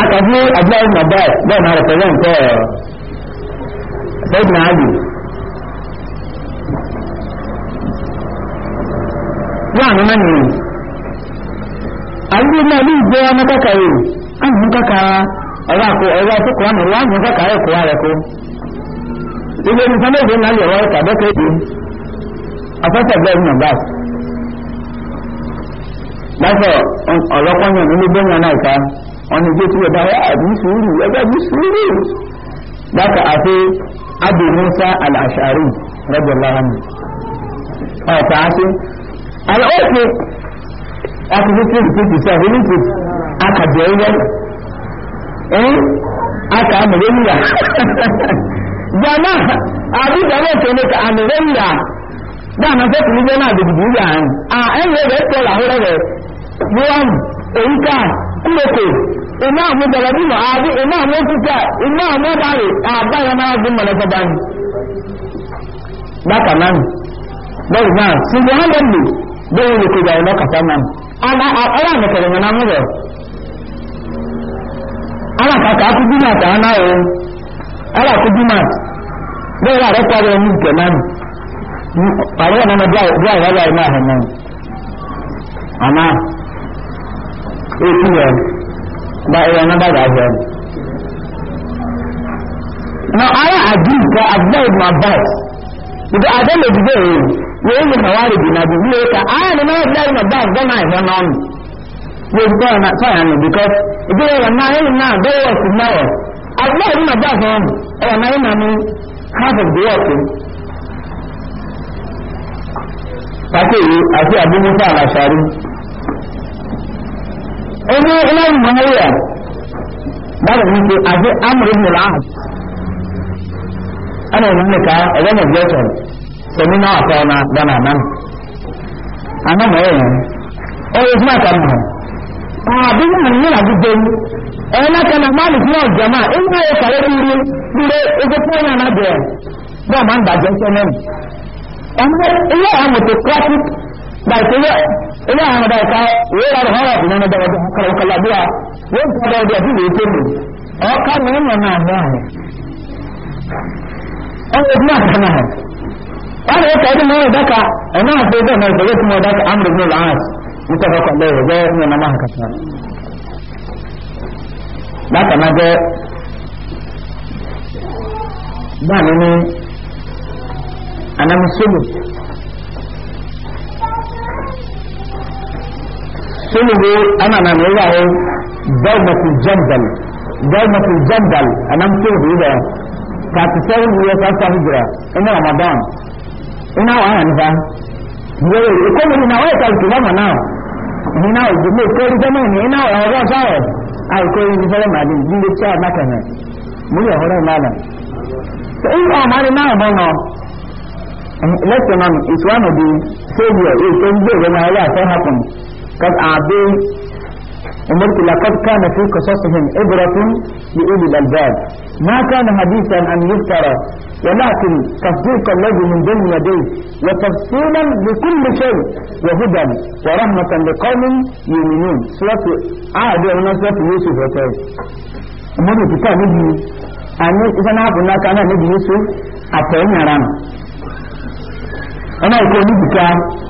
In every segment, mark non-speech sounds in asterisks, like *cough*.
akàfi abúláyé nàbà bẹ́ẹ̀ máa rẹ̀pẹ̀lẹ́ nǹkọ́ ṣẹ́gun ààbò láàánú náà nìyí àdúgbò náà bí ìgbé ọmọ kọ́kà yìí àmì kọ́kà ọ̀rọ̀ àkó ọ̀rọ̀ àti kọ́kà nìyí wọ́n àmì kọ́kà rẹ̀ kọ́ rẹ̀ kó ilé nìkan lóògbé náà lè wọ́ ìtàdọ́kẹ́ yìí afẹ́fẹ́ bẹ́ẹ̀ nàbà lọ́sọ̀ ọ̀lọ́pọ̀yàn nínú gbẹ̀yàn náà ká wọn ni gbẹ́tí ẹ̀dá ẹ̀ àbí sùúrù ẹgbẹ́ àbí sùúrù dákà àti abu musa al-ashari rẹ̀bẹ̀ láàmì ọ̀tà àti alọ́ọ̀kẹ́ àti fífún ìfúnfún sẹ́ẹ̀ oníkù akàjẹ́ ẹ̀yẹ ẹ̀yìn aka amìrẹ́yìnà jama àbí jama ìṣẹ̀lẹ̀ ka amìrẹ́yìnà dáàmà fẹ́ kìlú jẹ́ náà dìbìdì yà á ẹ̀yẹ rẹ̀ tẹ́lẹ̀ àhúrẹ́ rẹ̀ buwan oyika kuloko imaamu dalabi ma aabi imaamu okuta imaamu dari aabaya naa gun malafa bani baka nan bari nan sinbi ha lalli bẹ́ẹ̀ ni kò jàre lọ́kàtà nan ọlá mẹ́kẹ̀rẹ̀ yẹn náà mú rẹ̀ alákàtà akudumat àná o alákudumat bẹ́ẹ̀ rà rẹ̀ pàrọ̀ ẹni ìkẹ̀ náà pàrọ̀ ẹ̀ náà dúrà ìwádìí àìmáà hẹ̀ náà ana e èkú yẹ bá ẹ̀yẹ náà dàgbà jẹ. na ara àdìs ka abdullahi ibn abbas ìdí àdéhùn òdìbò èyí wọ́n yẹ hawari bi na bíbí yẹ ká ara ni ah, náà abdullahi ibn abbas gbọ́n náà ẹ̀hẹ́ náà nù wọ́n ti tọ́ ẹ̀ sọ́yà nù because ìdí yẹ náà ẹ̀yìn náà bẹ́ẹ̀ wọ̀ sí náà wọ̀ abdullahi ibn abbas náà nù ẹ̀wọ̀n náà ẹ̀yìn náà ní half of the world pàṣẹ yìí àti àbúrò sáà nàṣàrí ẹni ẹlẹ́yìn mọ̀nyẹ́yẹ báwo ni ṣe àti amúre mi là áhùn ẹnna ìlú nìka ẹ̀rọ ní ìgbẹ́ sọ̀rọ̀ sẹ̀mí náà àtọ̀ ọ̀nà dáná àná nù àná mọ̀nyẹ́ yẹn ó yẹ fún àkàmù hàn àbí mímu ní àbí gbẹ́yìn ẹ̀rọ náà kẹ́nà máàlì fún ọ̀jọ̀ máa ẹ̀rọ náà yẹ kàwé rírú rírú ẹgbẹ́ fún ẹ̀yàn náà bẹ̀rẹ̀ bọ́ọ̀ máa ń bàjẹ́ sẹ́nẹ́nì bai kuma ina hana bai ka wera da hawa kuma na da wajen karon kalabiya yin ta da wajen fi da yake ne a ka ne yin wannan ne an yi kuma ta nan wani ya kai da mai daka a nan sai zai mai zai kuma daka amurin ne la'as muka fa kwalle ya ne na mahakata ba ta na ga ba ne ne a nan sulhu ana na mai yawo darbatul jandal darbatul jandal anan sulhu da ka ta sulhu ya ta hijira in ramadan ina wa ana nifa yau ko mun na wai kalki ba mana ina wa gumo ko ri jama'a ne ina wa ga sawo ai ko ni fara mali din da cha maka ne mu ya hore mala to in ma mali na ba no eh, lesson on is one of the failure is to be when I have happen قد أعبين أمرت لقد كان في قصصهم إبرة لأولي الألباب ما كان حديثا أن يذكر ولكن تصديق الذي من بين يديه وتفصيلا لكل شيء وهدى ورحمة لقوم يؤمنون سورة عاد هنا سورة يوسف وكيف أمرت كتاب نبي أن إذا نعرف هناك كان نبي يوسف أتينا أرانا أنا أقول نبي كتاب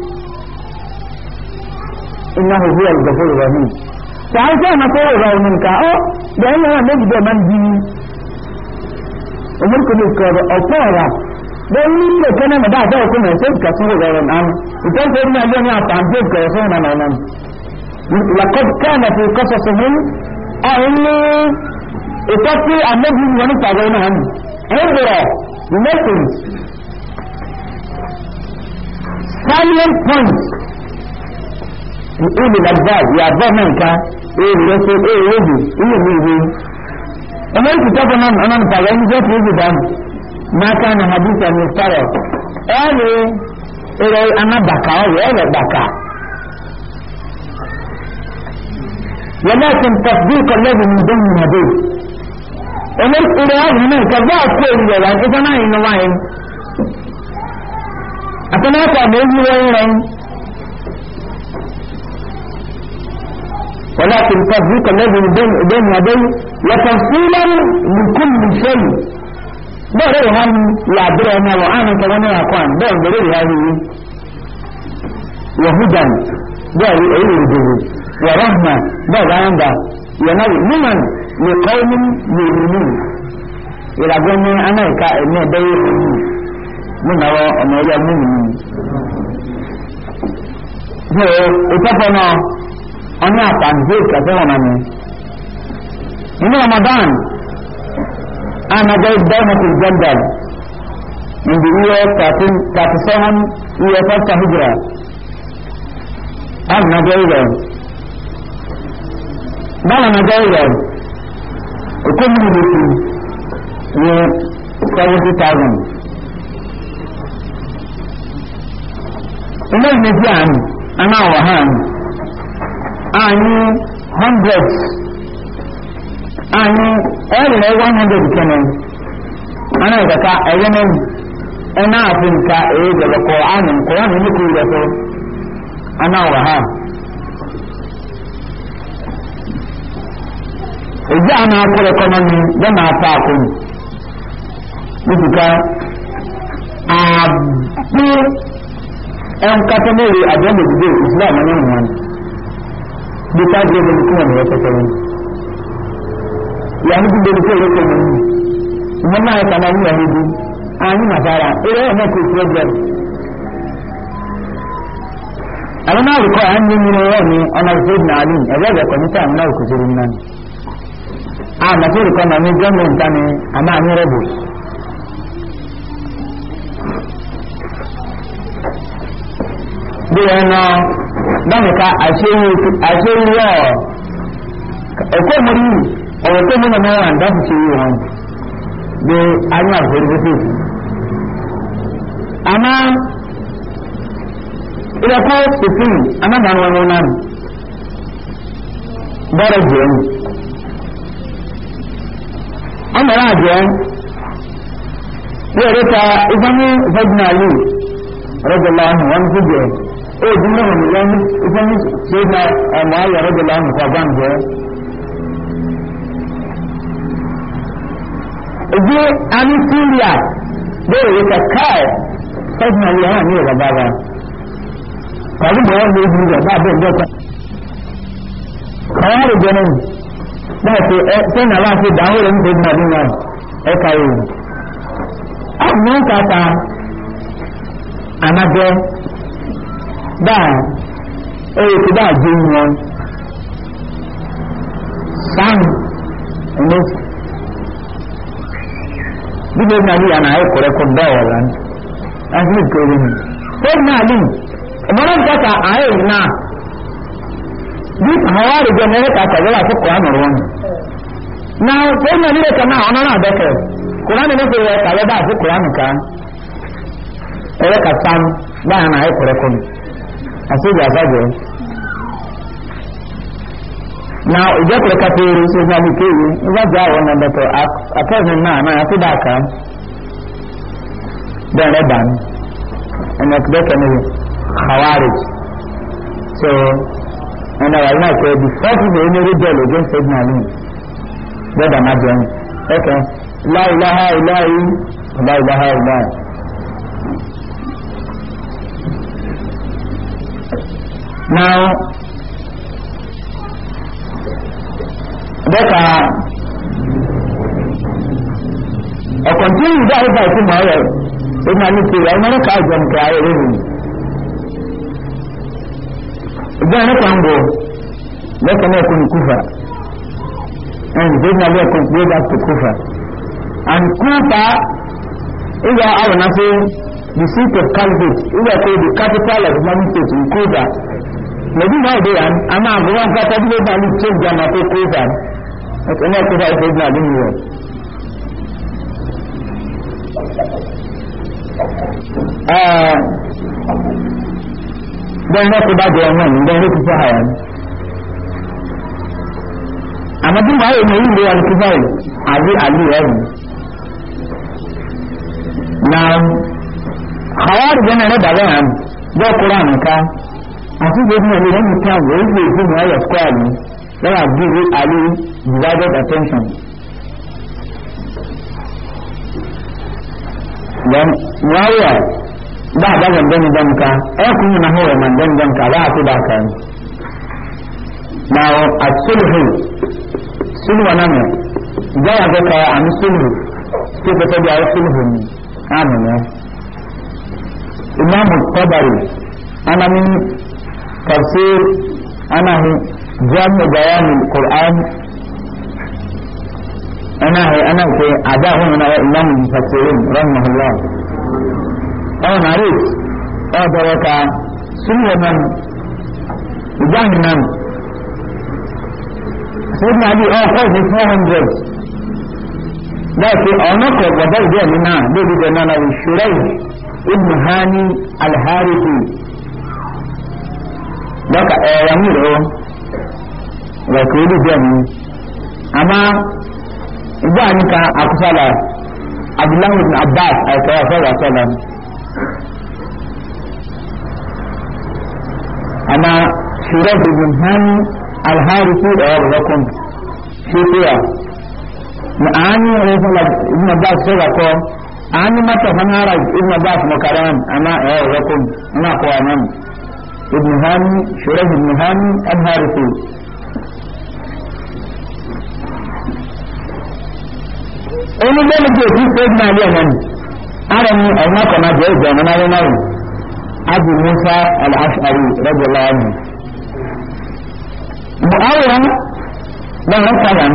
innahu huwa al-ghafurur rahim ta an sai na kowa ba mun ka o da yana da gidan man jini umur ku ne ko ba opora da ni ne kana da da ko ne sai ka sun ga ran an idan ko ina da ya ta ambe ko sai na nan nan laqad kana fi qasasihim a'inni itafi annabi wani tagai na hannu hindura lessons salient points ìlú lagbaz yàgbọ́ mẹ́ǹká èyí rẹ̀ ṣe èyí rẹ̀ ìlú mi ìwé ọmọdé tọ́kọ̀ náà ọ̀nà nìpàgọ́ ẹni jẹ́ kí ó dànù máka na hadith ẹni sọ̀rọ̀ ẹ̀rọ ẹ̀rọ anábàkà ọ̀rọ̀ ẹ̀rọ bàkà ولكن تصديق الذي من بين يديه ومن إلى هذه من كذا أقول لك إذا ما ينوعين أتناقى بإذن الله ولا التفريق الذي بين يديه وتفصيلا من كل شيء bẹ́ẹ̀rẹ̀ ìhá ni làbẹ́rẹ̀ ọmọ wọn àánú tọwọ́ ní àkọ́n bẹ́ẹ̀ bẹ̀rẹ̀ ìhá ni yahudan bẹ́ẹ̀rẹ̀ èyí ìdòwò yàrá bẹ́ẹ̀ láyọ̀ǹda yẹnáwó mímọ̀ ní kọ́ọ̀mù yòrùmù ìlàgbọ́n ní anáìka ẹ̀mí ẹ̀bẹ́ yòrùmù múnàwọ́ ọmọ ẹ̀yà mímù ní. ìtọ́fọ́ náà ọ̀nà àtàǹdé ìkẹfẹ́ wọn ni inú ramadan anagẹ́ dẹ́mọ̀tì jẹ́ndẹ̀l in the year 37 year first hijra anagẹ́ ìrẹ̀ báwọn anagẹ́ ìrẹ̀ òkú mi nìyí ní 70,000 ilé ìmẹ́jì àmì anáwọ̀ hàn anyị hundred anyị ọrịa 100 kenan ana ga ka a ana afin ka e daga qur'anin qur'anin muku da to ana ezi a na akure kọnọmi ya na ata akụ mutuka abụ àjọ islam ní bai ta je da mutum wani ya ta kai ya mutum da mutum ya ta kai wannan na ya kama ni ya hudu a ah, ni nasara ire ya ko problem ala na ko an ni ni ne ni ana zaid na ali ya ga ko mutum na ko jirin nan a na ko ko na ni jamin ta ne amma ni rabu bi yana dámìka àṣeyí ọ̀ ẹ̀kọ́ mọ́rí ọ̀rọ̀ tó mọ́nà náà àǹdá sì ṣe yíò wọn bí ayé àfẹ́rẹ́fẹ́ àmá ìrẹ́kọ́ ìfún amábàá wọn wọn náà bọ́rọ̀ jẹ́ ẹ̀mí ọmọrá àjẹ́ bí ẹ̀rẹ́ta ìfọ́nú ìfọ́jú náà yìí rẹ́gbẹ̀lá ọ̀hún wọn fún jẹ́ ẹ̀mí ee jumla mu yan idan sai na muawiya radiyallahu anhu fagan je je ani suriya dole yake kai sai na yana ne ga baba kawai da wanda yake da ba da ta kawai da ganin da ce sai na lafi da horon da na dinya ai kai amma ka ta anabe dáa ẹ̀rọ tó dáa jẹ́ wọn sáàmù ẹ̀mọ́ bíbẹ̀ náà ní àná ẹ̀kọ́ rẹ̀kọ́ dáwọ̀ rán láti lè kéré mi ó náà lè ọmọdé ń kọ́ta ààrẹ yìí náà bí àwọn àrùjọ ní ẹ̀ka àtàwọn àkókò àmọ̀rọ̀ wọn na ó náà nílé kan náà ọ̀nà náà dẹ́kẹ̀ kùránì ní fèrè ẹ̀ka lọ́dọ̀ àkókò àmì kan ẹ̀rẹ́ka sáàmù báyà náà ẹ̀kọ́ rẹ̀kọ́ mi asiri abajo na ìjọpọ̀ kàtẹ́rù sí ìfàbí kéwì ìgbàjọ àwọn ọ̀nà dọ̀tọ̀ àtẹ́sìn náà náà àti dàkà bẹ̀rẹ̀ dàn ẹ̀nà ìpínlẹ̀ ní khawarij so ẹ̀nà wà náà kẹ́ bí fọ́ọ̀tù lè ní rí bẹ́ẹ̀ lójú ṣe Okay, ní bẹ́ẹ̀ dàmájọ́ ẹ̀kẹ́ láìláha ìláyìí láìláha ìláyìí Now, dẹ́ka ọ̀kàn tí ìdá ìgbà tí mọ̀ ọ̀rọ̀ ó máa ní pèrè ọmọ ẹ̀ka ìjọm kà ayé rẹ̀ nìyí. Ìgbà ẹ̀ka ń bọ̀ lẹ́kọ̀ọ́ náà kò ní kúfà. And they Kufa. And Kufa is our, na nothing the seat of Calvary, either say the capital of Mami State in Kuba. Maybe now they are, I'm not going to talk about the change and not Kuba. But I'm not going to say that in here. Uh, then what about the one? Then what is the higher? Amadu Mayo ni ilé alukufari àbí àlú ẹ̀rù. Now, hawar gana na daga yan za kura ne ka a su zai kuma idan mutum wai zai zai mu ya square ne yana give ali divided attention dan waya da ga gandan dan ka ai kun na hawa man dan dan ka ba su da kan na asulhu sulhu nan ne ga ga ka an sulhu ke ta da sulhu ne imam tabari ana min tafsir ana hu jamu bayan alquran ana hu ana ke adahu na imam tafsirin rahimahullah aw nari aw daraka sunnan jahannam sayyidina ali aw qawfi 400 da ke onako gaba da ni na da da ibn hani alharithi lọ́kà ẹ̀rọ eh, ń rọ rẹ̀kọ̀ olùjẹ́ oh. mi àmá ìgbà níka àkúsàlà abdullahi ibn abbas àìsàrà sọ́rọ̀ sọ́lá àmá ṣùgbọ́n ibn hani alharithi ẹ̀rọ rẹ̀kùn ṣe pé à ní àárín ẹ̀rọ sọ́lá ibn abbas sọ́rọ̀ kọ́ an yi mata fanara ibn abbas makaran ana eh rakun ana ko anan ibn hani shurah ibn hani al harithi oni le je ti ko na le nan ara ni o ma ko na je je na na na musa al ashari radiyallahu anhu muawiya dan ran kalan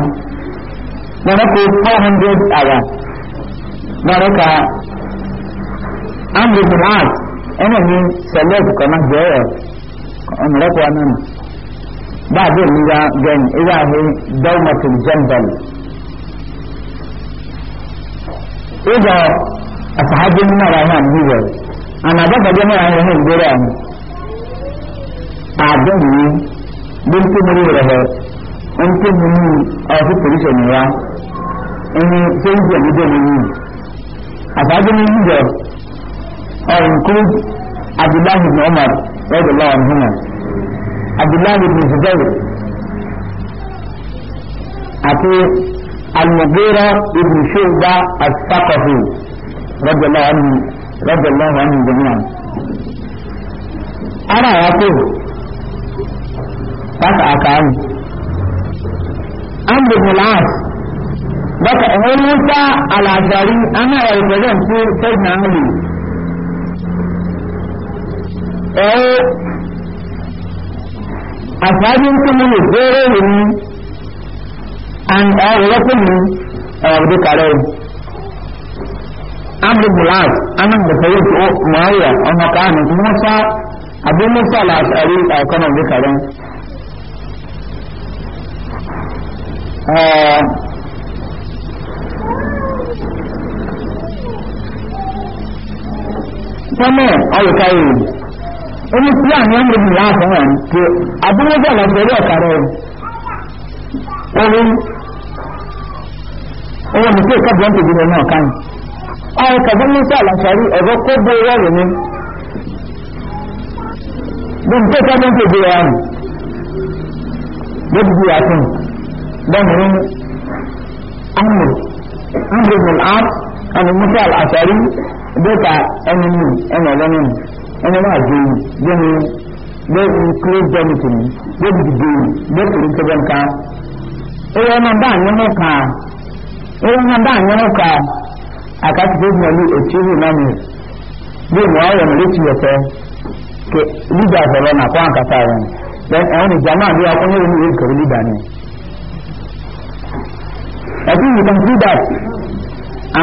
dan ko 400 awan lọ́rọ́ka amri bin aas ẹnna mi sẹlẹ̀kù kọ́má jẹ́rẹ̀ ọmọlẹ́kù wa náà báàbí mi ya gẹ̀ẹ́n ẹ̀yà ahẹ́ dọ́wọ́mọ̀tò jẹ́mbẹ̀lì ẹ̀dọ̀ asahabi mara hàn níbẹ̀ àná àbábàjẹ́ mara hàn hàn gbéra mi àádọ́n mi bí n tó mú rẹ̀ hẹ́ n mú mi ọ̀fíìsì oríṣiríṣi ẹni tó ń jẹ́ mi dé mi yìí. أفعدني يجر أو ينقذ عبد الله بن عمر رضي الله عنهما عبد الله بن زبير أتي المغيرة بن شعبة الثقفي رضي الله عنه رضي الله عنه جميعا أنا أقول فاسأل عن عمرو بن العاص baka ɗan wuta a lafari ana yarbaran ko sai na hali eh a sabin kuma ne tsere ne ni an ɗaura kuma a yarbi kare amri bulas anan da ta yi ko mawaya an haka ne kuma sa abin musa lafari a kanan bi karen sọmọ ọyọkà yìí oní plan yẹn lè nìyà àfọwọ́n pé abúlébọ̀ làbẹ̀rẹ̀ ọ̀kà rẹ̀ ọ̀rẹ́ ọwọ́ mi pé kábíyàn tó gbìyànjú náà káyìn ọ̀rẹ́ kàbíyàn ní sọ àlàfàrí ọ̀rọ̀ kó gbé rọ̀rùn ni bí mi pé kábíyàn tó gbìyànjú ló dìbò àtún bọ́mùrín amúr amúr bin al-ar àti musa al-asari dịka enemi enelonemi enemi ajeyi dịnụ dịnụ kiri jenitin dịnụ dịdịyi dịkiri kebe nka ewe na ba anyị mụ ka ewe na ba anyị mụ ka akatike mmeri etu ihu na mmiri bí mo ayọ̀ mi létí ẹ̀fẹ́ ke lídà sọ̀rọ̀ nà kó àǹkàtà rẹ̀ then ẹ̀wọ̀n ìjà náà bí ọkùnrin yóò ní èkó lídà ni. I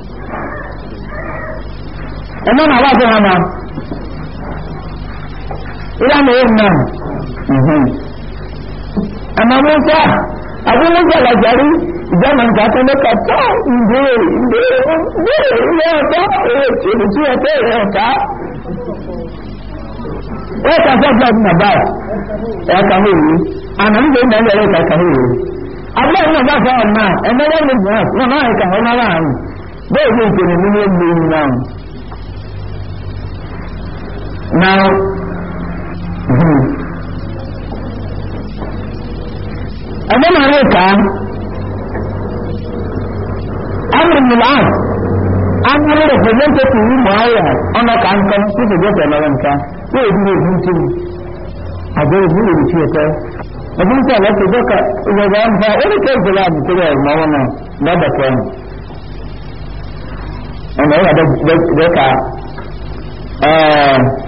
ẹ̀mọ́ náà wà fún wa náà ìlànà èyí náà ẹ̀mọ́ mú sá àbúrúgbà làjàrí ìjọba nǹkan tó ní kàtà ìgbé ìgbé ìgbé ìgbé ọ̀tọ́ èyí tí ó tẹ́ ìrẹ̀ ọ̀tá wọ́n kà fẹ́ fún ọdún bàbá ẹ̀ ẹ̀ka hóòrò àná ń gbé ìmọ̀lẹ́ ẹ̀ka ẹ̀ka hóòrò àbúrò náà bá fọ́ ọ̀nà ẹ̀mọ́ wọn ní mìíràn wọn náà ẹ̀ka ọ̀nà láàrin bẹ́ẹ̀ ni ìpèrè nínú ẹgbẹ̀rún náà Now, hmm. Adam Arika, Amr Milan, Amr represented to you Muawiyah on a campaign to the Great America. Where is he meeting? I don't know the theater. I think I left the book at the one for any case the lab to wear Mawana, not the one. And I had a book, uh,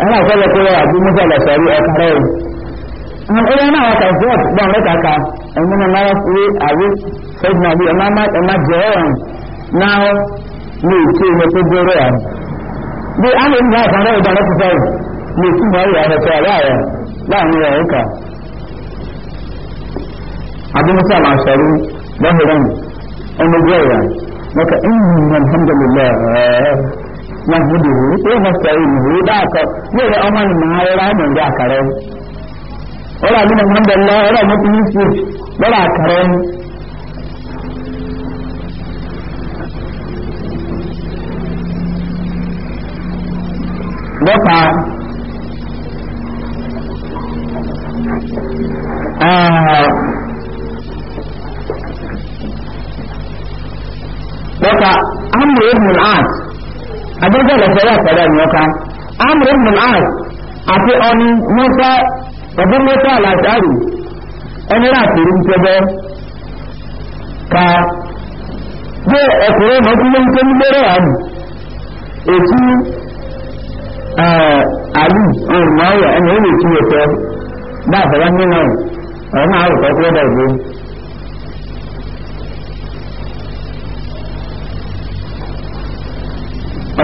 ana kwallo kowa abu musa da sari a kare an ina na wata zuwa ban raka ka an muna na wasu abu sai na bi amma ma da ma jawan na ne ce ne ko joriya bi an in da kan rai da na ta sai ne su ma ya da ta يهده ويستعينه ذاك يرى أمان ما يرى من ذاك ولا من الحمد لله ولا متنسي ولا كرم Bọ́pá Bọ́pá Amúlé Mùláàtì àjọjọ́ lọ́sẹ̀ yà sẹ́lẹ̀ ní ọ̀ka amr ibn al àti ọni mọ́sá ọdún mọ́sá aláṣárì ẹni láti rí tẹ́gbẹ́ ka gbé ọkùnrin mọ́kúnlé ń tẹ́lú lọ́rọ̀ àmì ètí àlù ọ̀rùn máa yà ẹni ó lè tú ẹ̀fẹ́ bá àfẹ́wá nínú ọ̀rọ̀ máa rò kọ́kọ́ dàgbé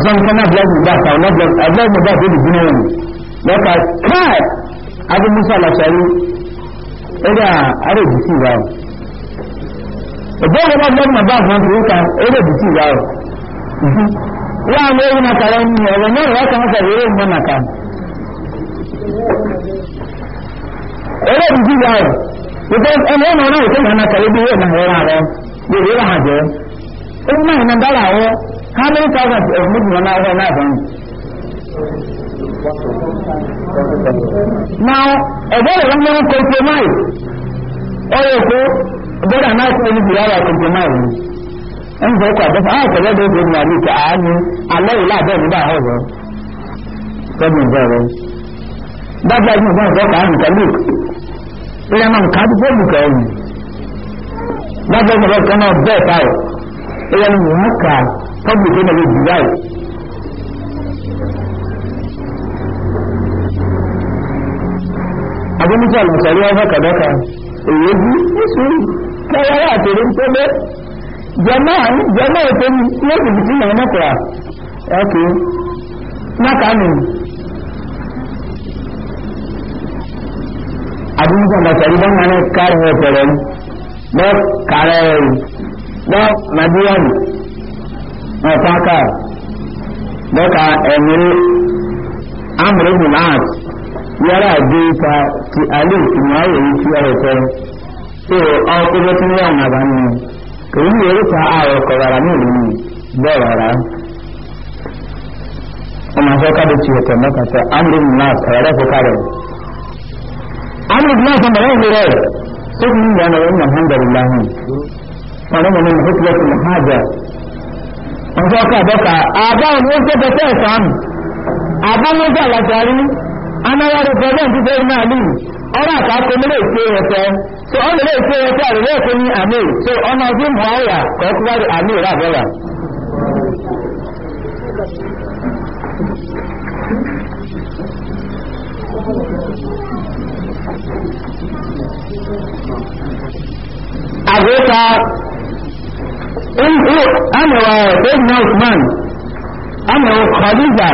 ọ̀sán nǹkan náà blọọ̀gù bá ta ọ̀nà blọọ̀gù bá tó dùn náà nù lọ́ka káà adúmúsà làṣàrí ẹ̀rẹ́ àárẹ̀ ìdìtì ìwà ọ̀ ẹ̀bọ́n lọ́wọ́ blọọ̀gù náà bá àwọn ọ̀sán kan ẹ̀rẹ́ ìdìtì ìwà ọ̀ wọ́n àwọn ẹ̀rọ náà kàrọ̀ ní ọ̀rọ̀ náà wọ́n kàn sàrẹ̀ ẹ̀rọ ìmọ̀ nàkà ẹ̀rẹ́ ìdìtì ìwà ọ̀ because ẹni ọ̀nà náà ò How many thousands of oh, Muslims are now in Now, a very young man compromise. Or oh, you go, there are not many people are compromising. And they go, but I can let them go to my meeting. I know, I know you like them in that house. Tell me, brother. That's why you don't work out in the look. Ilé máa ń ká tó bẹ́ẹ̀ lùkọ́ ẹ̀yìn. Lábẹ́ ìgbàlódé kan náà bẹ́ẹ̀ táwọn. Ilé ni mò ń tọ́jú tó lọ jù báyìí abúlúkọ àlùsàrí wọn fọkàdọkà èyí ojú káyára àtẹrẹ ń tẹ́lẹ̀ jẹmọ́ jẹmọ́ ètò lóògùn tí màá mọ́kọ̀ọ́ ẹ̀kọ́ mọ́kànù abúlúkọ àlùsàrí wọn máa ń kárẹ̀ ọ̀pẹ̀rẹ̀ lọ́kàrẹ̀ lọ́màdúrà nù ọ̀páká dọ́ka ẹ̀mìrì amìrì bin art yára àdéhùká ti alif ìmọ̀ọ́yẹ̀ yìí ti ọ̀rọ̀ tẹ́ tó ọkùnrin tí wọ́n nà bá nù kèyí yẹ̀rù ká ààrẹ kọ̀wàrà ní ìlú bẹ́ẹ̀ rárá ọmọ afọ́ká ló ti ọ̀tọ̀ mọ́kàtà amìrì bin art ọ̀rẹ́ fọ́ká rẹ̀ amìrì bin art ọmọ rẹ̀ rẹ̀ tó kún ní ìyànà rẹ̀ ní alhamdulilahi ọ̀rẹ́ mọ̀ ní ìhókùlẹ̀ ọjọ́ kàbọ́kà àbáwọn ó tẹ́tẹ́ tẹ́ẹ̀kọ́ àmì àbámọ́jà làjàrí anáwárí president tó ní àlú ọ̀rọ̀ àkàkọ́ nílé ìpé ẹ̀tẹ́ tó ọ nílé ìpé ẹ̀tẹ́ àrẹ̀lẹ́ ẹ̀kọ́ ní àmì tó ọmọ ọdún mọ̀ ọ́yà àmì ìràbọ̀rà àgbẹ̀ta ana wa sayyidina usman ana wa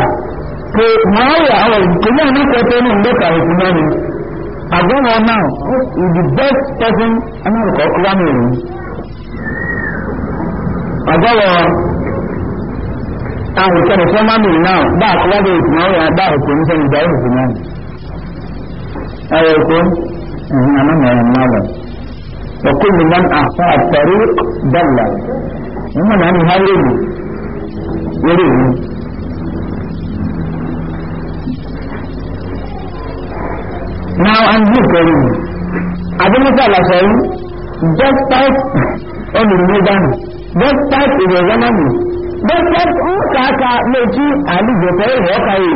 ko mawaya awal kuma na ko to ne ka usman agama now the best person ana ko kuma ne agawa an ko da so mami now ba ko da usman ya da ko ni san da usman ayo ko ina na mai malam وكل من أعصى الطريق ضل ومن عن هالين يريد Now I'm here for you. الله Lasari, just type on the Nidani. Just type in the Zanani. Just type on Kaka, Mechi, Ali, Jokari, Hokai.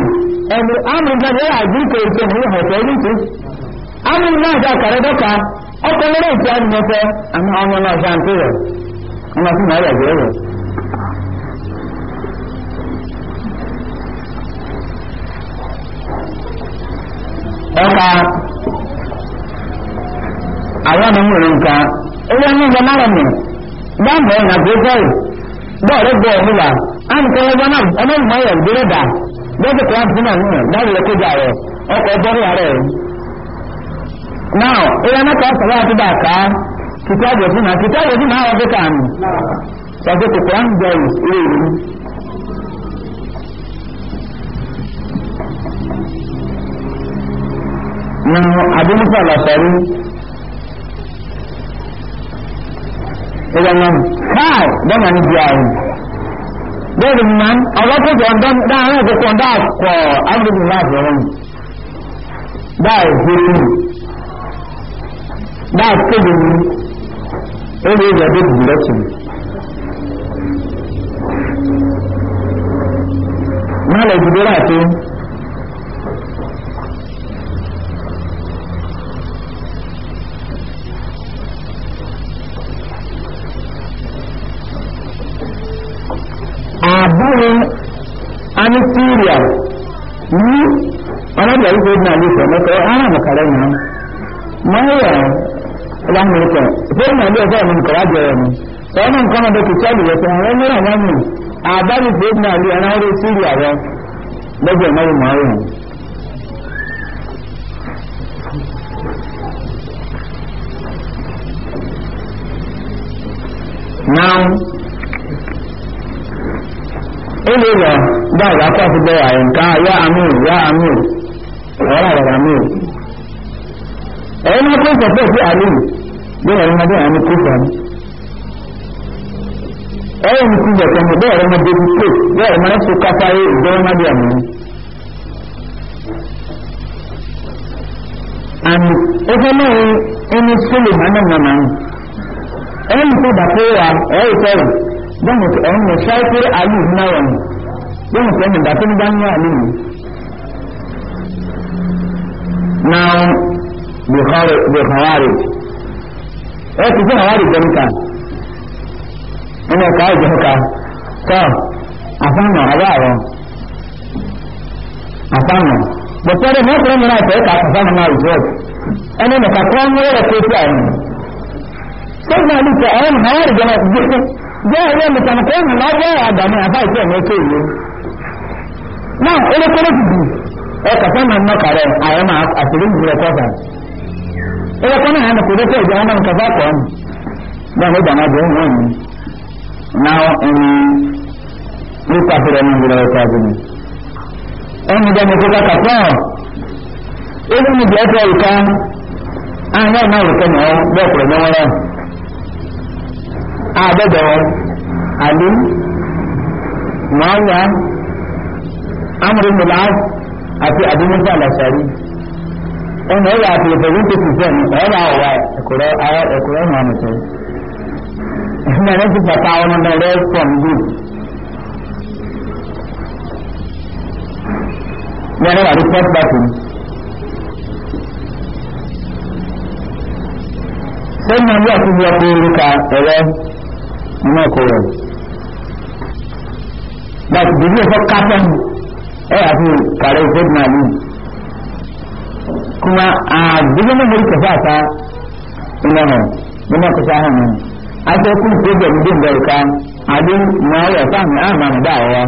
And I'm in the way I do take some new hotelities. I'm in the way I do take some ọkọ̀ lọ́rọ̀ ìfẹ́ àdìmọ́fẹ́ àmọ́ ọmọ náà ṣe àǹtí rẹ̀ ọmọ fún màálà jẹ́ rẹ̀. ọ̀ka àwọn ọmọ rẹ̀ nǹkan owó ní ìjọ náà rẹ̀ dáàbò ẹ̀ nàgbé bẹ́ẹ̀ bọ́ọ̀rẹ́ bọ̀ ọ̀hún là á ń kọ́ ẹgbẹ́ náà ọmọ ìmọ̀ ẹ̀yẹ̀ gbéré dà bẹ́ẹ̀ tó kọ́ àǹtí náà nù dáàbò jà rẹ̀ ọkọ̀ ọgbọ́n rẹ̀ rẹ̀ now ìyá náà kan sọ̀rọ̀ àti dàkà kìtàbù ẹ̀sìn náà kìtàbù ẹ̀sìn náà wọ́n fi kà mí ṣàṣẹ kòkòrò ń jẹ ìrè mi. na abinisa lasari ìyànnà káì dọ́nà ní bí ayé bẹ́ẹ̀ ni man ọlọ́kùnrin dáhùn òkùnkùn dáàkọ̀ agbègbè láti ọ̀run dáàkọ̀ báà kéde ní ó lè yẹ bí bùrẹ́tì náà lè dìbò láti àbúrò anisiria ní ọlọ́dún àyíkó ìdínà àlè ìfọ̀mọ́tò ọ̀hánà mọ̀kàrẹ́ yìí máa ọba mi tẹ fún mi ọdún ẹgbẹ́ mi kọ̀ wá jẹrẹ mi ọ̀nà nǹkan ọdún kì í sẹ́lì rẹ̀ fún ọ̀rẹ́ mìíràn orí ilé bá fún bẹ́ẹ̀ àyẹ̀ká yá yá ọ̀rọ̀ ẹ̀yìn náà kó sọ̀tọ̀ sí àlejò bí ẹ̀rọ ọmọdé àwọn kó sọ̀rọ̀ ẹ̀yìn ní kú bẹ̀tẹ̀ mọ̀ bẹ́ẹ̀rọ ọmọdé bí pé bẹ́ẹ̀rọ ọmọdé tó kápá yé ìjọ ọmọdé àmì àmì ẹgbẹ́ náà ẹni sílè mọ́nà mọ́nà ẹ̀yìn tó bà pé wà ẹ̀yìn tẹ̀rọ bẹ́ẹ̀ni ẹ̀yìn ní ṣáà pé àlejò náà wọ̀ bẹ́ẹ̀ni tẹ̀yìn bàtẹ́ nígbà ní àlejò náà bihawari ẹ ti fún hawari jẹ nìkan ẹnì ọkọ àìjẹ nìkan tọ àfáàmù àbáàrọ àfáàmù bọ̀tẹ́rẹ́ mọ́ ọkùnrin mìíràn àtẹ̀yẹ́ kà àfáàmù náà rìjọ́ ẹni nìkan kọ́ ń wọ́rọ̀ tó sí àyìn sẹ́yìn àlù tẹ ẹ̀rọ hawari jẹ nìkan jẹ́ ẹ̀rọ nìkan kọ́ ń lọ bọ́ àdàmú àbáìsí ẹ̀mí ẹ̀kẹ́ ìlú náà ó lé kọ́lé dìbò ẹ̀ kàfẹ́ máa ń nọ kàrẹ́ àyẹ̀mọ̀ àṣírí ìgbìlẹ̀ kọ́sàn ẹ̀yẹ kọ́ náà ẹ̀nà kò dé tẹ̀lé ọmọ nǹkan bá kọ́ ọ́nù báwo dàná bẹ́ẹ̀ wọ́n ni náà ẹni nípa fẹ́rẹ̀ ní ìlú ọ̀tá gbẹ̀mí ẹni dẹ́nu kó bá kàtọ́ ẹni níbi ẹ̀tọ́ ìka àwọn náà rò kẹ́nà ọ́ bẹ́ẹ̀ pẹ̀lú ní wọ́n rẹ̀ àbẹ̀bẹ̀ àlú mọ́ọ́yà amúrúmùlá àti àdúmúfà làṣàrí ọmọ ẹ̀yà àti ìfẹ̀yìn tó ti sẹ́ni ẹ̀yà ọ̀wà ẹ̀kọ́rẹ́ ara ẹ̀kọ́rẹ́ ìmọ̀ àmì tẹ̀lé ẹ̀hìn ẹ̀rẹ́ ti bàtà ọmọ náà rẹ̀ pọ̀ níbí. wọ́n ní àdúgbò pàtó. sẹ́ni náà bí àti bí ọkọ̀ orí ka ẹ̀rẹ́ nínú ọkọ̀ rẹ̀. bàtà bíbí ẹ̀fọ́ kápẹ́ni ẹ̀ àti kàrẹ́ ìfẹ́ kuma a duk mun rika sa ta ina ne muna ta sa hannu a sai kun ko da mun da ka abin ma ya sa mu amma mu da wa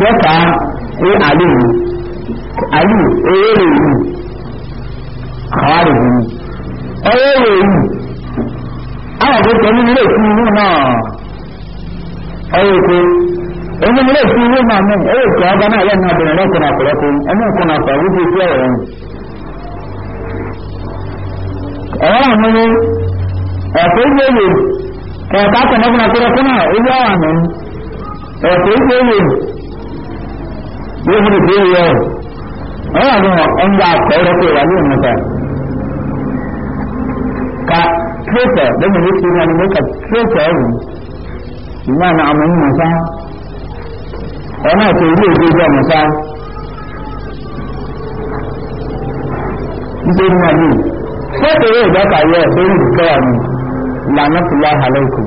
Dọ́kà ní àlè àlè eré ìlú ààrẹ yìí ọwọ́ rẹ̀ yìí àwọn tó tẹ̀lé ilé ìfún inú náà ọwọ́ èkó ẹni ilé ìfún inú náà mú ọwọ́ èkó ọba náà yẹn náà bẹ̀rẹ̀ lọ́kùnrin àpẹ̀lẹ́kùn ẹni nǹkan àpẹ̀lẹ́ wípé sí ọ̀rọ̀ yẹn ọ̀rọ̀ àmì ni ọ̀pọ̀ ìgbé èlò ẹ̀ka tẹ̀lẹ́kùnrin àpẹ̀lẹ́kùn náà ó yá àmì ọ̀pọ̀ ìgbé èlò ló fi dìbò yẹ ọ̀rọ̀ àmì ọ̀njà àpẹ̀lẹ́kùn ka kirista don mu yake na ne ka kirista yau ina na amon masa ona ke yi oge ga masa ise na ni sai ko yau da ka yi sai ni ka ni lanatullahi alaikum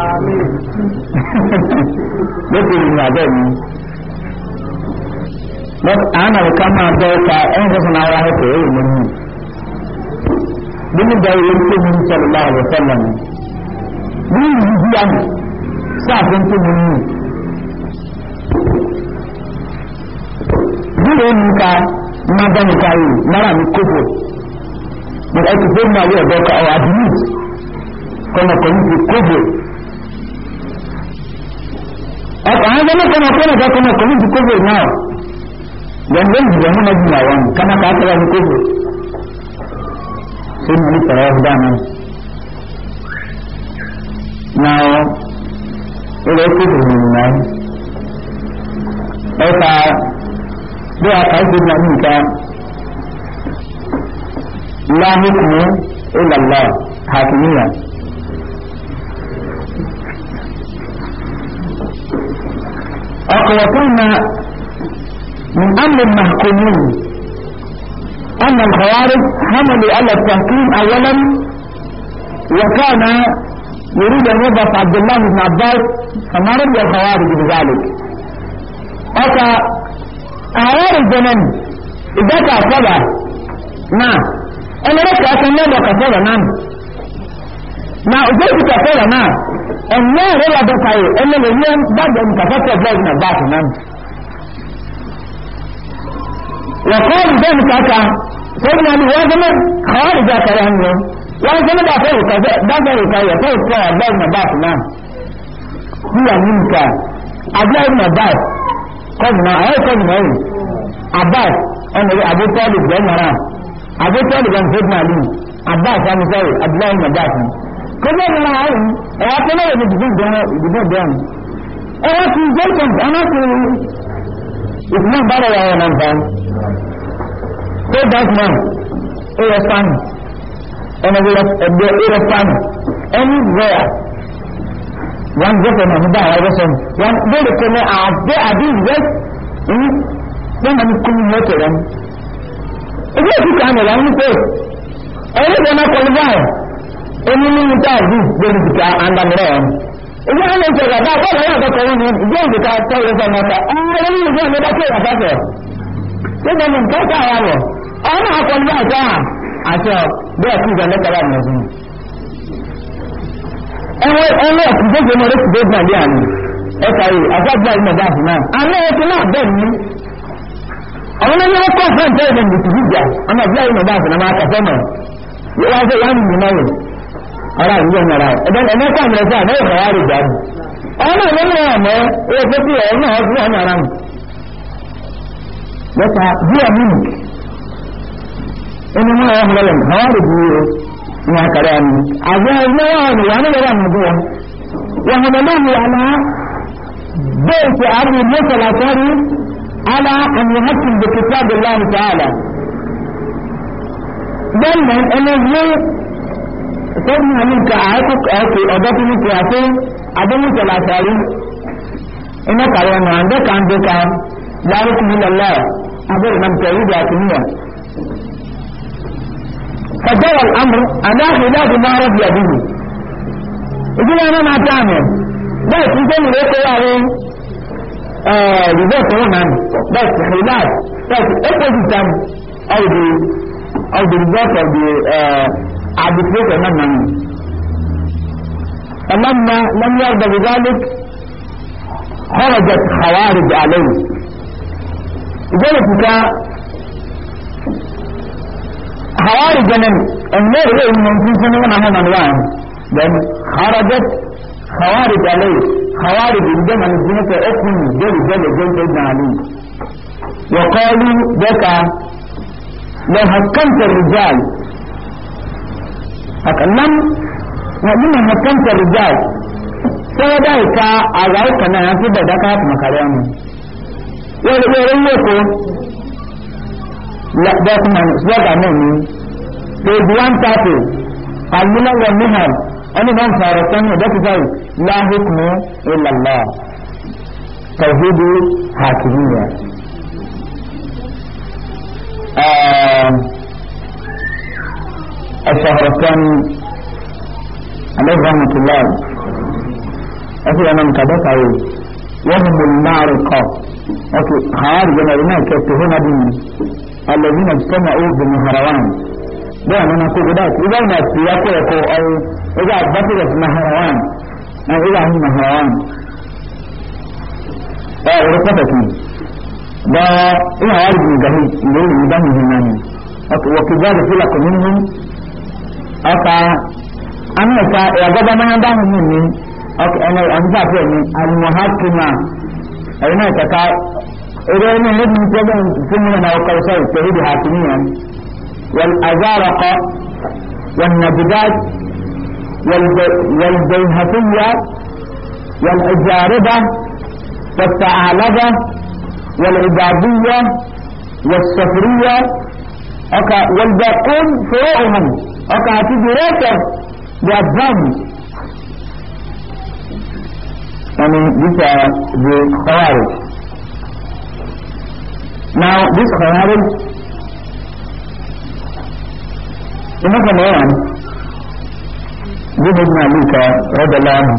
amin lokacin *laughs* na da ni ana kama da ka en ga sanara yau mun nínú ìdáwò lórí tó mú sọ̀rọ̀ láàrọ̀ sọ́nà ni ní ìlú bí àmì sáàfin tó mú nù bí wọ́n mú ká má bá mi káyè náírà mi kófò mo ẹ ti fẹ́ mú ayé ọ̀dọ́ ká ọ̀ àdúrà kọ̀mọ̀kọ̀mọ̀ ti kófò ọkọ̀ àwọn ọmọ kọ̀mọ̀kọ̀mọ̀ ká kọ̀mọ̀kọ̀mọ̀ ti kófò náà gbẹ̀ngbẹ̀ ìjìyà mú náà jìyà wọn kánákà á tẹ̀lé kófò. tí mo ní sọ̀rọ̀ ọ̀dá mi. Now, ilé tí kò ní are ẹ̀ ta bí a kàá gbé ní nǹkan láhùkùnú ìlàlá hàkìníyà. أقوى من أمر المحكومين أن الخوارج حملوا على التحكيم أولا وكان يريد أن يضعف عبد الله بن عباس فما رضي الخوارج بذلك أتى أعوار الزمن إذا كعصبة نعم أنا لك أتنى وكعصبة نعم na ujeji kafara na ẹ̀nà rẹ̀lá bẹ̀ kàyè ẹ̀nà lè ní bàbá ìkàfẹ́fẹ́ bẹ́ẹ̀ náà bá àtúnáà wọ̀kọ́ sai na ya zama kawai da kare hannu ya zama da kai ka da kai ka ya kai ka da na ba su nan huwa minka abla ibn abbas kan na ai kan na yi abbas an yi abu talib da mara abu talib an fitna ali abbas an sai abla ibn abbas ko da mara ai ya tana da jikin da jikin da ai ki jarkan ana ku islam bara ya nan fa Take that man, Erefan, and a Erefan, anywhere. One government, another person, one they come out, they are being wet. Then I'm coming here to them. If you can, I'm going to say, everyone I qualify, any minute I do, then you can understand. Ìjọba ń lè jẹ̀rọ bá bọ́ọ̀lù ọ̀yọ́ àtọkọ̀rin ní ìjọ ìdíkà tẹ́lifọ̀n náà ta. Ẹ̀rọ ní ìjọba ń lè bá tẹ́lifọ̀n náà ta. Ṣé gbọ́dọ̀ nǹkan ká ara rẹ̀? ọ̀nà àkọlù bá àjá àṣọ bẹ́ẹ̀ kú ìgbà lẹ́kọ̀ọ́ àmì ọ̀sùn ẹwọ́ ẹwọ́ ọ̀kùnjẹ́gbẹ́ mọ́ lẹ́kùn tó gbọ̀n lé àmì ẹ̀ka yìí àfọ́gbà ìmọ̀ bá àfún náà àmì ẹ̀kùn náà bẹ́ẹ̀ ni ọ̀nà ní ọkọ̀ fẹ́ǹtẹ́ ìmọ̀ nìtìjú jà ọ̀nà àbúrò ìmọ̀ bá àfún náà máa kàfẹ́ mọ̀ yóò wá fẹ́ yá nìyí náà ọ̀rá ìjọ nara ẹ̀dọ́n ẹ̀mẹ́kọ̀ àmì ẹ̀sẹ̀ àmọ́ ìfọ̀wá rẹ̀ jà ní ọ̀nà ìlú àmọ́ ẹ̀ pẹ́ sí ẹ̀ náà ọ̀sùn ọ̀nà ara mi lọ́ta bí ọ̀mí nìkì ẹni náà wọ́n lọ́wọ́ àwọn àrùbí ní àkàrà mi àgbẹ̀ ẹgbẹ́ wọn ni wọn lọ́wọ́ àmì bọ́ wọn wọn lọ́wọ́ mi àná bẹ́ẹ̀ ti àrùn mọ́sàlá sọ́rí ala àmì hàkìm bí kìtà bí láàrín sàálà bẹ́ẹ̀ mọ́ ẹni yé sọ́dún àmì ka àákò ọ̀dọ́ tó ní ti àti àbẹ́mọ́sàlá sọ́rí ẹni kàrẹ́ ọ̀nà àǹdẹ́kàǹdẹ́kà láàrín kùnú lọ́lá àbẹ́rẹ̀ náà tẹ̀wé فجرى الأمر انا خلاف ما رضي به يقول أنا ما تعمل بس يقول لي قواري لذلك هنا بس خلاف بس opposite them أو the أو the result of the arbitrator منهم فلما لم يرضى بذلك خرجت خوارج عليه لك خوارج من النار ليه من سنة من عمل أنواعهم لأن خرجت خوارج عليه خوارج الجمع من الجنة أكون جل جل جل جل عليه وقالوا ذاك لو هكمت الرجال هكلم ومن هكمت الرجال سيدايك أغايك أنا أنت بدك مكرمه ولو يقول لا ده كمان وضع مني page one thirty almina wa mihal ẹni náà sọ̀rọ̀ لا حكم إلا الله tọ̀hídù حاكمية الشهر الثاني عليه رحمة الله أخي أنا مكبت عليه وهم المعرقة أوكي خارج أنا لنا كتبت هنا الذين اجتمعوا بالمهروان bẹ́ẹ̀ ni wọn kó gbọdọ̀ àti ibà ìmọ̀ àti ìyá kó ẹ̀kọ́ ọ̀rọ̀ ẹgbẹ́ àgbàtìrẹ̀ fún maharawan na ìyá ní maharawan ẹ ẹ̀rọ pàtàkì bá ìyá wà lùdì gàhí ìlú ìlú bá mi hìnnà ni wọ́kì jáde fúlà kò ní mú ọ̀ka amẹ́ka ìyàgbọ́dọ̀ máa ń dáhùn mí ni ẹ̀nà àǹtà fẹ́ mi alimuhakima ẹ̀yìn náà kẹta eré ẹni ẹni tí wọ́n bẹ̀rẹ̀ والأزارق والنجدات والبيهفية والإجاربة والتعالجة والعبادية والسفرية والباقون فروعهم أكا هتيجي راكب بأبهم يعني these are the now these خوارج in haka na yawan gudun na luka rada lamu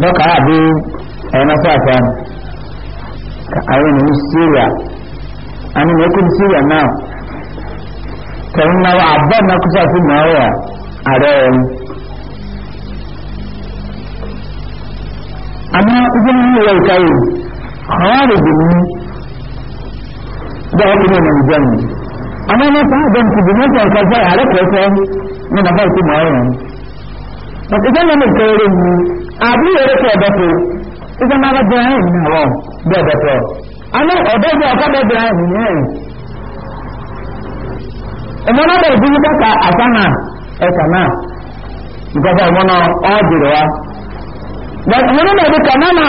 baka abu a yana fata ka ayi na syria an yi kun syria na ta yi na abban na kusa su na waya a rayan amma ubin yi yau kayi hawa da jini da wakilin na jami'a amma na sa ban ku bi mun kan kai ala ko ko mun da farko ma yayin ba idan na mun kai rin abu yare ko da ko idan ma ga yayin na wa da da ko amma odo ga ka da yayin ne amma na da bi ka asana e kana ga ba mun ajirwa da mun na da kana na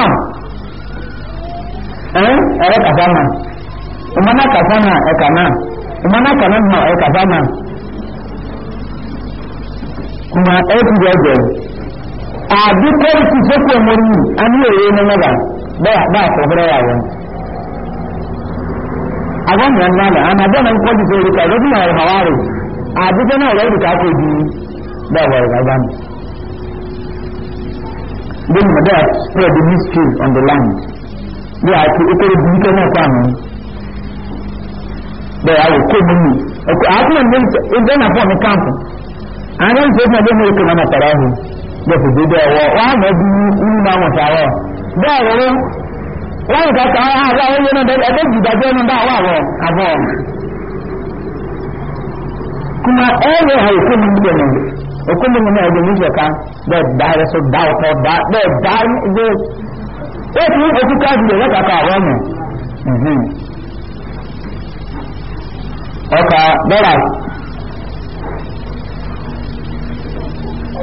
eh ara kasana amma na kasana e kana mana kana ma ai ka fama kuma ai ku ga ga a dukkan ku ce ko muri an yi yayin na ba ba ba ko bara yawo a ga nan na da ana da nan ko ji sai ka rubu na hawari a dukkan na rubu ka ko ji ba wa ga ba then my dad spread the mystery on the land. Yeah, I could, it could be, you cannot bẹ́ẹ̀ awò kó mu mi ọkọ àtúnà ní ìgbẹ́ náà fọ́ mi káàpù àwọn ẹni tó fún ọdún mẹ́rin kìlọ́mọ̀ tàrà hù bẹ́ẹ̀ fi dédé ọwọ́ wọn á mọ̀ bí inú máa wọ̀n tàrà bẹ́ẹ̀ rẹ̀ wọ́n yìí kàkà àwọn àwọn àwọn ẹyẹ náà ẹgbẹ́ jìdájọ́ ẹnu bá wà wọ̀ àbọ̀ kuma ẹ̀rọ àìkú mi níbẹ̀ nù òkú mi nínú ẹ̀jẹ̀ mi jẹ̀ka bẹ́ẹ̀ dá rẹ̀ so dá ọkọ̀ dá bẹ́ẹ̀ dá ẹ̀ ọkà dọ́là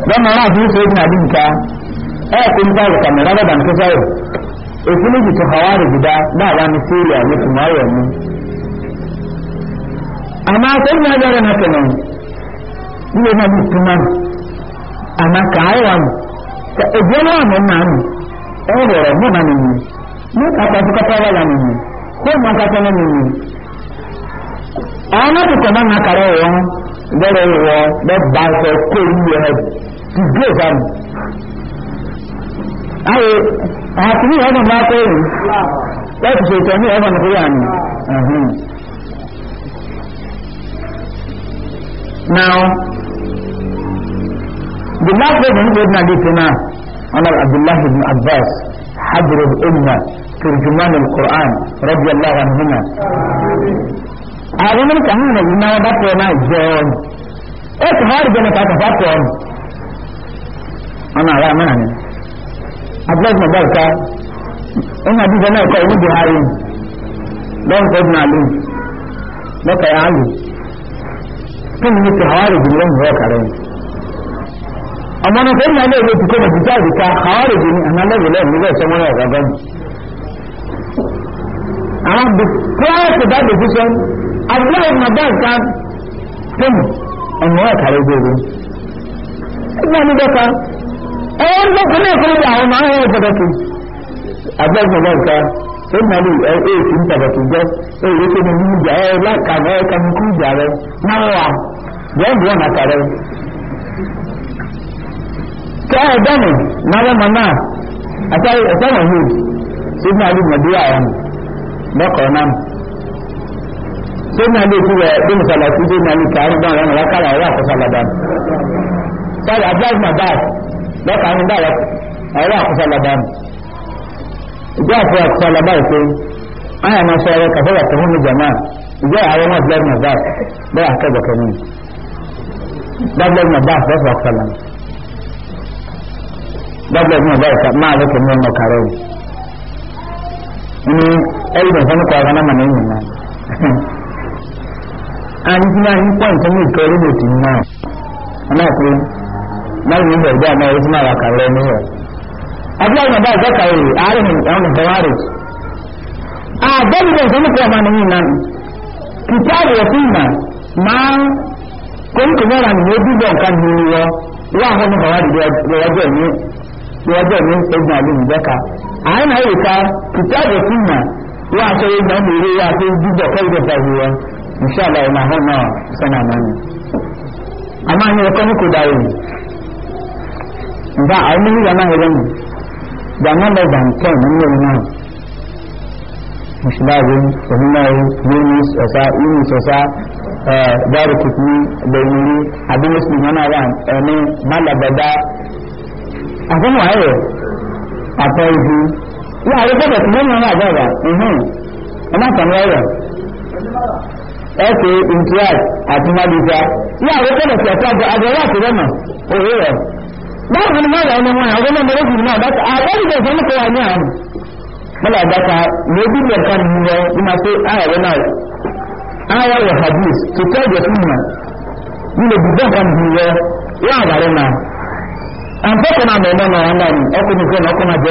bọ́mọ̀ náà fi ń ṣe ìdínà bí nìka ẹ̀ kó ń báyìí kàmì rárá dàn tó sáyẹ̀ èsì méjì tó hàwá rẹ̀ gùdá dáàbá ní síríà ní tùmọ̀ọ́yọ̀ mú àmà sẹ́yìn náà bẹ̀rẹ̀ náà kẹ̀nà nílé náà bí túmọ̀ àmà kàáyé wà mú ka èdè náà mọ̀ náà mú ẹ̀ rẹ̀ mọ̀ náà nìyí ní kàtàkùn kọ́kọ́ wà nìyí kó mọ̀ kàtàkùn nìyí ọ̀nà tètè náà nà kàrẹ́ wọn bẹ́ẹ̀ wọ bẹ́ẹ̀ bá fẹ́ kó yí ẹ ti gbé sánù. ayé àti ní ẹ̀fọn bá kó yìí láti ṣètò ní ẹ̀fọn kó yà ni. now the last way we need na dey to now ibn abbas hadr al-umma turjuman al-quran radiyallahu anhu abin da kan na ina ba na jeon e ka har da ka ta ko mana ne abdul mabarka ina bi da na ko ni buhari don ko na lu na ka ya lu ni ta hawari da ran kare amma na ko na ne ko ko da ta ta hawari da ya of that àdúrà ìmọ̀dán kan fún ọ̀nà ọ̀kàrẹ́ gbogbo ẹgbẹ́ mi dọ́ta ẹ̀yẹ́ ń gbọ́kùn náà fún ìyá àwọn àwọn ọ̀rẹ́ pàtàkì àdúrà ìmọ̀dán kan ó nà lè ẹ̀ ẹ̀ sì ń pàtàkì jẹ́ ẹ̀ yẹ kí ni mú ìjà ẹ̀ lákàrẹ́ ẹ̀ kàmú kú ìjà rẹ̀ náà wà bẹ́ẹ̀ bí wọ́n nàkàrẹ́ kí ẹ̀ dánù náà mọ̀nà àtàwọn ọ̀hún sí ní alẹ́ mọ̀dúrà wọn lọ́kọ̀ọ́ náà sai na ne kuma da misalatu sai na ne kayan ba wani wakala ya ku salada sai da abdullahi na ba da kayan da ya ku salada ya ku salada ko aya ma sai ka fara ta hunnu jama'a ya awo ma abdullahi na ba da aka ga kanin abdullahi na ba da ku salada abdullahi na ba ka ma da kanin na kare ni ai da san kwa na manin nan àti tí máa ń pọ̀ nǹkan ní ìkọ́ orílẹ̀ èdè náà náà pé láì ní ìgbà náà ó ti máa wà kàrẹ́ ní ẹ̀. àbúrò àwọn ọba ìjọ kàwé àárín àwọn nǹkan wá rè. àbẹ́lú rẹ̀ sọ́nù pé ọmọ nìyí náà kìtàbù ọ̀sìn ìmà máa ń kóńtò mẹ́ra ní ó dúdọ̀ nǹkan ní wọ láàrín nǹkan wá rè lọ́wọ́jọ́ ní lọ́wọ́jọ́ ní ẹgbẹ́ àlè ìjọka. àárín àwọn ìka kìtàbù ọ̀sìn ìmà wọ́n aṣọ inshallah ina hau na sana mani amma ni da kwanu ku dawo da a wani hira na hira ne da nan da zantan nan ne na mushlabin sahimayi yunus osa yunus osa dari eh, kutni da yuri abin muslim yana da ne malabada abin waye a tarihi ya a rufe da kuma yana da ba amma mhm. kan waye ẹsẹ intriat àti madisa ní àwọn tó lọ sí ẹ̀ka àgbà àgbà wà sí lọ́nà òwe rẹ̀. báwo ni mọ́ra ẹni wọn àwọn ọmọ ẹgbẹ́ ìgbìmọ̀ àbáta àbẹ́rẹ́ ìgbà ìfẹ́ nípa wà ní àná. mọ́ra àbáta lóbi ilẹ̀ kan ní wọn ní máa pé ààrẹ náà ààrẹ wọ hadith tó tẹ́ ẹ̀jẹ̀ fún mi nílò bùbọ́ kan ní wọn wọ́n àbárẹ́ náà. àǹfọ̀kọ̀ náà bẹ̀rẹ̀ náà wọn náà ni ọkùnrin kan ọkùnrin àjọ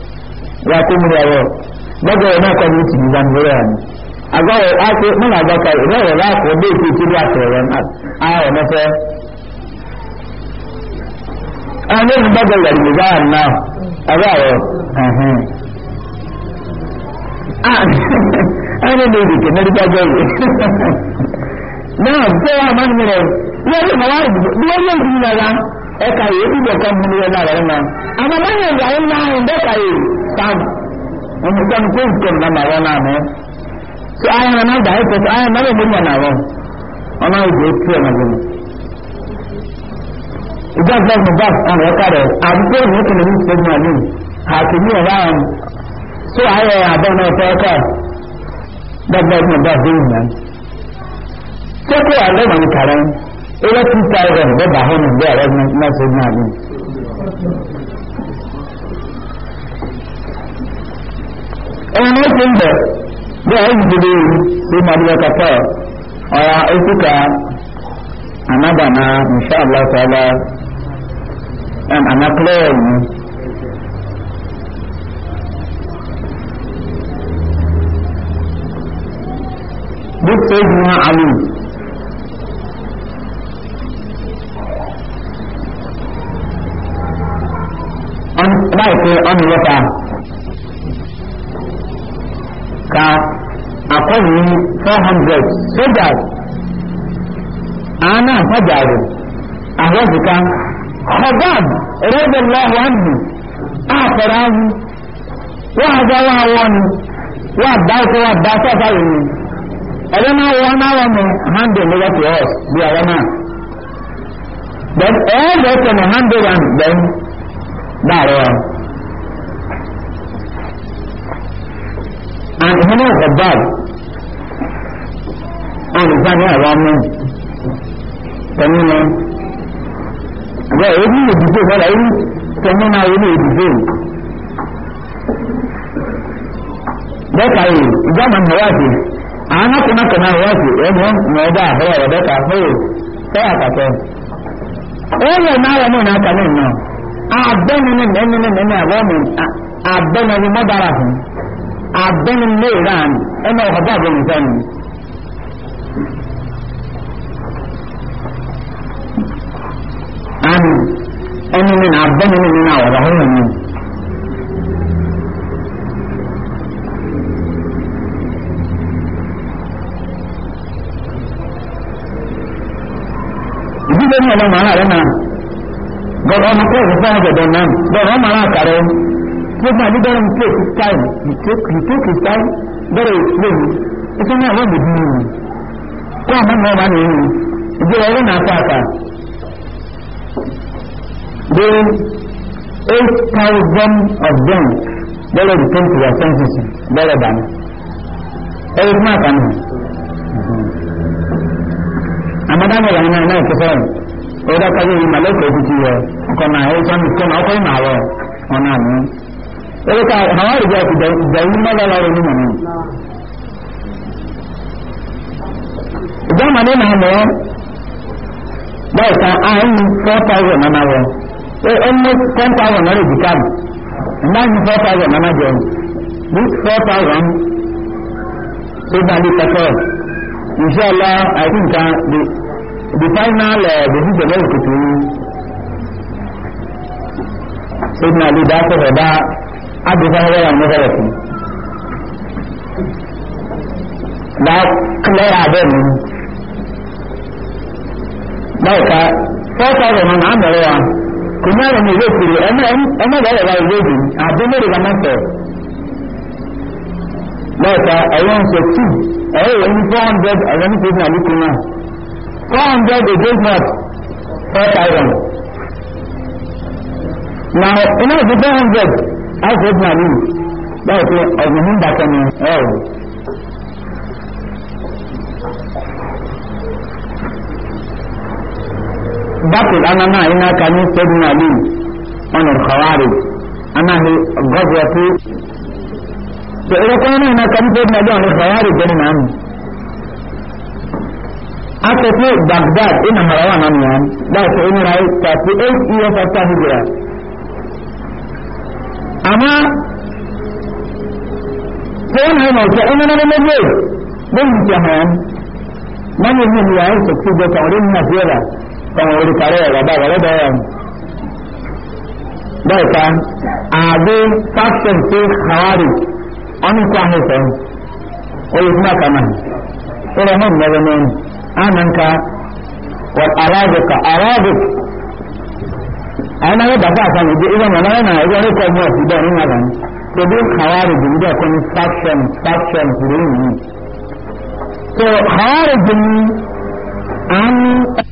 ya kuma ya yau daga yana kwanu ci bi zan wuri ne a ga ya ake muna ga kai ina ya za ku da ke kiri a tsoron a ya mafa a ne daga yarmi za a na a ga ya a ne ne da ke na riga gari na ko a man mire ya yi ma wani duwar ah, yau duniya ba ya kayi ah, ya ibe kan mun yana da rana amma man yanzu a yi na yin da kayi táàmù ẹnikẹ́ni tó ń tẹ̀lé náà wọ́n náà mọ́ tí ayé náà dà ẹ́ tẹ̀sí ayé náà lè mú yàn náà wọ́n ọ̀nà ìgbé tí ẹ̀ náà gbẹ̀mí. ìjọ ìjọ ìjọ bá ọ̀nà ẹ̀ka rẹ̀ àdúgbò ìlú kìnnì ní ìṣẹ́jú náà nìyí àtìmí ẹ̀rọ àwọn tó ayé àbọ̀ náà fẹ́ ẹ̀ka dọ́gba ìjọ bá dé ìyá. tó kó àlẹ́ wọn kàrẹ́ ilé two thousand bẹ́ẹ̀ bá hó ẹ̀yìn ló ṣe ń bẹ̀ bí àwọn ìdílé ló máa bí ọkọ̀ pọ̀ ọ̀rá òkúta ànádàna nṣẹ́ àlọ́sọ̀ọ́lá ànákúlẹ̀ ẹ̀yìn. bí sèéjì náà àlù láìpẹ́ ọ̀nà yọta ka akɔni four hundred soldiers ana afajare ahwazika hobab radiallahu anhu afɔra ahu wàhazà wàhawɔni wàhadaako wàhadaako afáyé ni ɛdɛ náà wɔn náà wɔn mu hundred ló wà tó ɔ bí ɛdɛ náà bɛn ɛyɛ bɛtɛ ní hundred and bɛn dáa rɛ wɔn. and hana khabbab olùsáré àwọmọ tẹmínà àbẹ èyí ìdìbò wọlé èyí tẹmínà èyí ìdìbò bẹ́ẹ̀ka yìí ìjọba mọ̀wáàtì àwọn ọkùnrin kan náà wọ́ọ̀tì ẹ̀mọ́ mọ̀ọ́dá àbúrò rẹ̀ bẹ́ẹ̀ka fóyè fẹ́yà kàtọ́ ẹ̀yẹ náà wọ́n náà kàlẹ́ náà abẹ́ni ní mẹ́ni ní mẹ́ni àwọ̀mọ̀ abẹ́ni ní mọ́dára fún un abẹ́ni mẹ́ran ẹnà ọ̀họ̀dá àbọ̀ nìkan ni. Ami ẹni mi na abẹ́ni mi nínú àwọn ọ̀hún mi ni. Ìdílé ní ọ̀dọ́ màá rẹ̀ náà, gbọ̀dọ̀ ọmọ kúrò fún ọ̀gẹ̀dẹ̀ náà, gbọ̀dọ̀ ọmọ àkàrẹ̀ gbogbo àdúgbọ́rọ̀ ní kéèkì táìmù ìkéèkì táìmù bẹ̀rẹ̀ ìṣòro ìṣẹ́ ní àwọn ìbùdó nìyí kó àmọ́ ní ọba nìyí ìdí ọ̀rọ̀ náà fàtà the eight thousand of them bẹ̀rẹ̀ the twenty to their senses bẹ̀rẹ̀ dànù ẹ̀rọ fún àkànnì àmọ́dáàbọ̀ làwọn náà náà kẹsẹ̀ ọ̀dọ́ kájú ìmọ̀lẹ́kọ̀ọ́ ti ti yẹ ọkọ̀ náà ẹ̀rọ sọ́nù kọ́nà ọkọ̀ ìmọ̀ àwọ̀ ọ̀nà àmì wọ́n ká àwọn àrùjọ àti ìdàrí mọ́lára rẹ̀ nínú mi. ìjọ́mọdé náà mọ̀ ọ́ bẹ́ẹ̀ ká àánú four thousand nana wọ ẹ ẹ ní ten thousand náà lè di káàdì náà ní four thousand nana jẹun ní four thousand tó bá lè kẹ́kẹ́ ìṣọ́lá àti nǹkan the final bèbí bẹ̀rẹ̀ òkùnkùn ní. Sọ́dún àlè dákọ̀ọ̀ dáa agbègbè wọn ní bẹ̀rẹ̀ sí. Bá kílẹ̀rì abẹ́ mi. Báyìí ká four thousand ọ̀nà àmọ̀rẹ́ wa kò ní àrùn ìwé ìpìlẹ̀ ẹ̀mọ́ ìbẹ̀rẹ̀ wa ìwé ìdì àbí mẹ́rin wa máa tẹ̀. Báyìí ká ẹ̀rọ ń sọ two ẹ̀rọ ìwé ní four hundred ẹ̀rọ ní pèsè àlùkù náà four hundred against not four thousand. Now, iná ìdí four hundred àìsàn ìgbà lóyún báyìí pé ọ̀gbìn nígbà kan ni ẹ ò. bákùn anáná iná ka ní sẹ́gun àlùyìn ọ̀nà ìkọ̀wárì anáhì gọ́ọ̀bù ọ̀tún. tó orúkọ náà iná ka ní sẹ́gun àlùyìn ọ̀nà ìkọ̀wárì jẹ́nu náà nù. akẹ́kọ̀ọ́ baghdad ina marawa náà nìyẹn báyìí pé inú ra ẹ̀ 38 years after hijrah amma ko wani hanyar ta ina na nemo don yi ke hayan manyan yin yayin ta ci da kawai na fera kawai wani kare ya gaba gaba da yawan bai ka abu fashion ce hawari an kwa haifar wani kuma kama irin hannun na zama anan ka wa arabuka àwọn ayé bàbá àtàwọn ìgbé ìwọ̀n ọ̀nà ẹ̀nà ẹ̀rọ ẹ̀kọ́ ọmọ ọ̀sùdọ̀ ní wàrà ní pẹ̀lú àwárí jùlọ ẹ̀kọ́ ní faction faction ìròyìn yìí so àwárí jùlọ àwọn